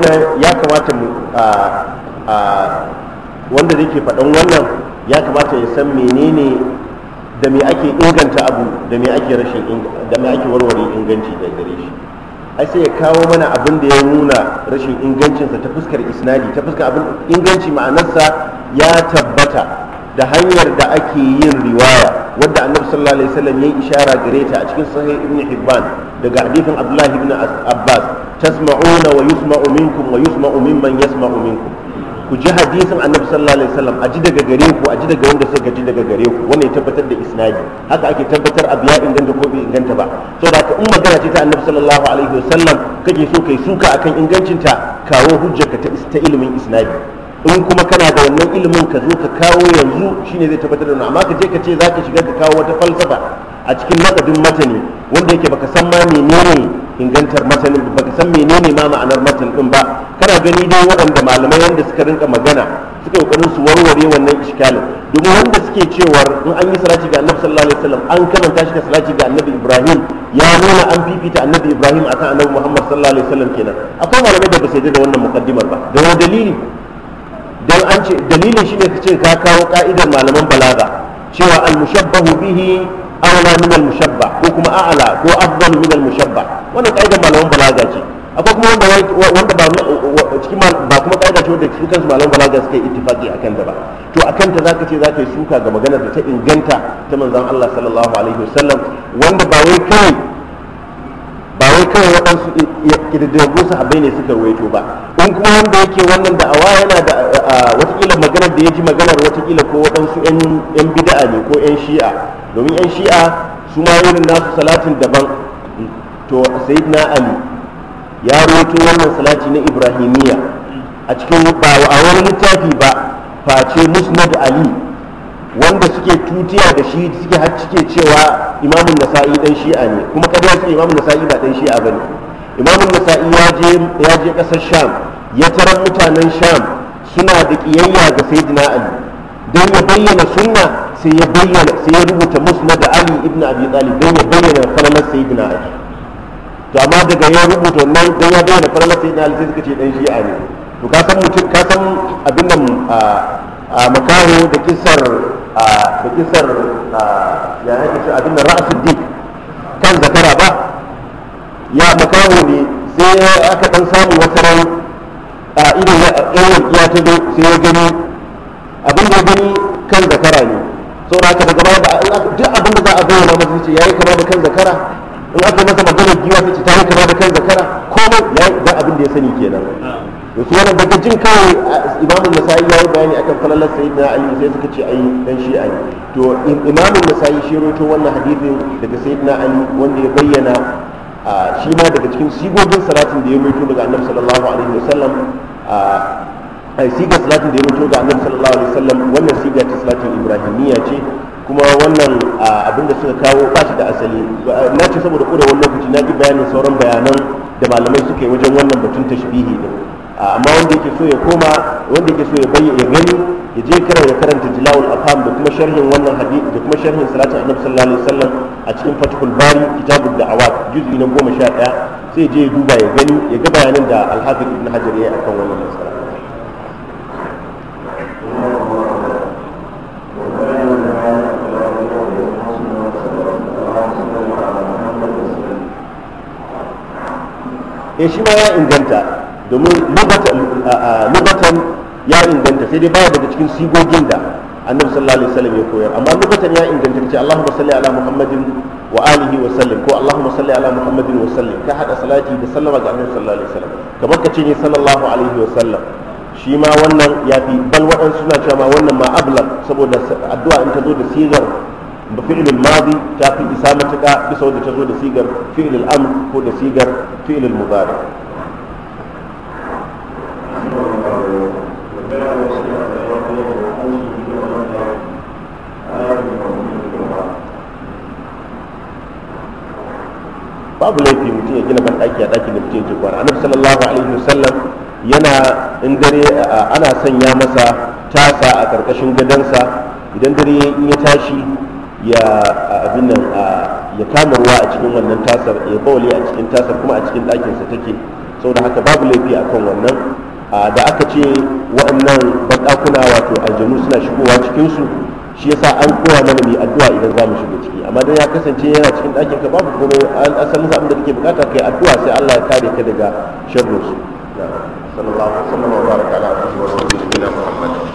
wannan ya kamata mu wanda da ke faɗin wannan ya kamata ya san menene da me ake inganta abu da me ake rashin da me ake warware inganci da gare shi ai sai ya kawo mana abin da ya nuna rashin ingancinsa ta fuskar isnadi ta fuskar abin inganci ma'anarsa ya tabbata da hanyar da ake yin riwaya wadda annabi sallallahu alaihi wasallam ya ishara gare ta a cikin sahih ibn hibban daga hadithin abdullahi ibn abbas tasma'una wa منكم ويسمع wa يسمع منكم yasma'u ku ji hadisin annabi sallallahu aji daga gare ku a ji daga wanda suka ji daga gare ku wannan ya tabbatar da isnadi haka ake tabbatar a ya inganta ko bai inganta ba saboda haka in magana ce ta annabi sallallahu alaihi wasallam kake so kai suka akan ingancinta kawo ta ilimin in kuma kana da wannan ilimin ka zo ka kawo yanzu shine zai tabbatar da amma ka je ka ce zaka shiga ka kawo wata falsafa a cikin nakadin matani wanda yake baka san ma menene ingantar matanin ba ka san menene ma ma'anar matan din ba kana gani dai waɗanda malamai wanda suka rinka magana suka kokarin su warware wannan iskalin domin wanda suke cewar in an yi salati ga annabi sallallahu alaihi wasallam an kamanta shi ga salati ga annabi ibrahim ya nuna an fifita annabi ibrahim akan annabi muhammad sallallahu alaihi wasallam kenan akwai malamai da ba su yi da wannan muqaddimar ba da wani dalili dan an ce dalilin shine ka ce ka kawo ka'idar malaman balaga cewa al-mushabbahu bihi a'la min al-mushabba ko kuma a'la ko afdalu min al-mushabba wannan kaidar malaman balaga ce akwai kuma wanda wanda ba cikin ba kuma kaida ce wanda su kansu malaman balaga suka yi ittifaqi akan da ba to akan ta zaka ce zaka yi suka ga maganar da ta inganta ta manzon Allah sallallahu alaihi wasallam wanda ba wai kai ba wai kai waɗansu kididdigaggun abai ne suka ruwaito ba in kuma wanda yake wannan da awa yana da watakila maganar da ya ji maganar kila ko wadansu 'yan bida'a ne ko 'yan shi'a domin yan shi'a su ma wurin nasu salatin daban to na ali ya rawaito wannan salati na ibrahimiyya a cikin ba a wani littafi ba face musnad ali wanda suke tutiya da shi suke har cike cewa imamun nasa'i dan shi'a ne kuma kada imamin imamun nasa'i ba dan shi'a bane imamun nasa'i ya je ya je kasar sham ya tarar mutanen sham suna da kiyayya ga sayyidina ali don ya bayyana sunna sai ya bayyana sai ya rubuta musnad ali ibn abi talib don ya bayyana falalar sayyidina ali to amma daga ya rubuta wannan don ya bayyana falalar sayyidina ali sai suka ce dan shi'a ne to ka san mutum ka san abin nan a makaro da kisar da kisar ya yake ce abin nan ra'asul dik kan zakara ba ya makaro ne sai aka dan samu wata ran irin ya ta zo sai ya gani abin da ya gani kan zakara ne sau da aka daga ba duk abin da za a bayyana masa ce yi kama da kan zakara in aka masa maganar giwa ta ce ta yi kama da kan zakara komai yi da abin da ya sani kenan da su yana daga jin kawai nasayi nasa'i yi bayani akan falalar na ali sai suka ce ayi dan shi ali to imamun nasa'i shi roto wannan hadithin daga na ali wanda ya bayyana shi ma daga cikin sigogin salatin da ya mutu daga annabi sallallahu alaihi wasallam siga salatin da ya mutu ga annabi sallallahu alaihi wasallam wannan siga ta salatin ibrahimiyya ce kuma wannan abin da suka kawo ba shi da asali na ce saboda kodawar lokaci na ji bayanin sauran bayanan da malamai suka yi wajen wannan batun tashbihi din amma wanda yake so ya koma wanda yake so ya bayyana ya gani ya je kira ya karanta jilawul afam da kuma sharhin wannan hadith da kuma sharhin salatin annabi sallallahu alaihi wasallam a cikin fatihul bari kitabud da'awat juz'i na 11 sai je ya duba ya gani ya ga bayanan da al-hafiz ibn hajar yayi akan wannan masala eh shi ma ya inganta domin lubatan ya inganta sai dai baya daga cikin sigogin da annabi sallallahu alaihi wasallam ya koyar amma lubatan ya inganta ce Allahumma salli ala Muhammadin wa alihi wa sallim ko Allahumma salli ala Muhammadin wa sallim ka hada salati da sallama ga annabi sallallahu alaihi wasallam kamar ka ce ne sallallahu alaihi wa sallam shi ma wannan ya fi bal waɗansu suna cewa ma wannan ma ablan saboda addu'a in ta zo da sigar da fi'ilul madi ta fi isa matuƙa bisa wadda ta zo da sigar fi'ilul amr ko da sigar fi'ilul mudari babu laifi mutum ya gina banɗaki a ɗakin da mutum ya kwana annabi sallallahu alaihi wasallam yana in dare ana sanya masa tasa a ƙarƙashin gadonsa idan dare in ya tashi ya abin nan ya kama ruwa a cikin wannan tasar ya bawali a cikin tasar kuma a cikin ɗakinsa take saboda haka babu laifi a kan wannan da aka ce waɗannan baɗakuna wato aljanu suna shigowa cikinsu shi yasa an koya mana mai addu'a idan za mu shiga ciki amma don ya kasance yana cikin ɗakin ka babu kuma an asalin abin da kake bukata kai addu'a sai Allah ya kare ka daga sharrin su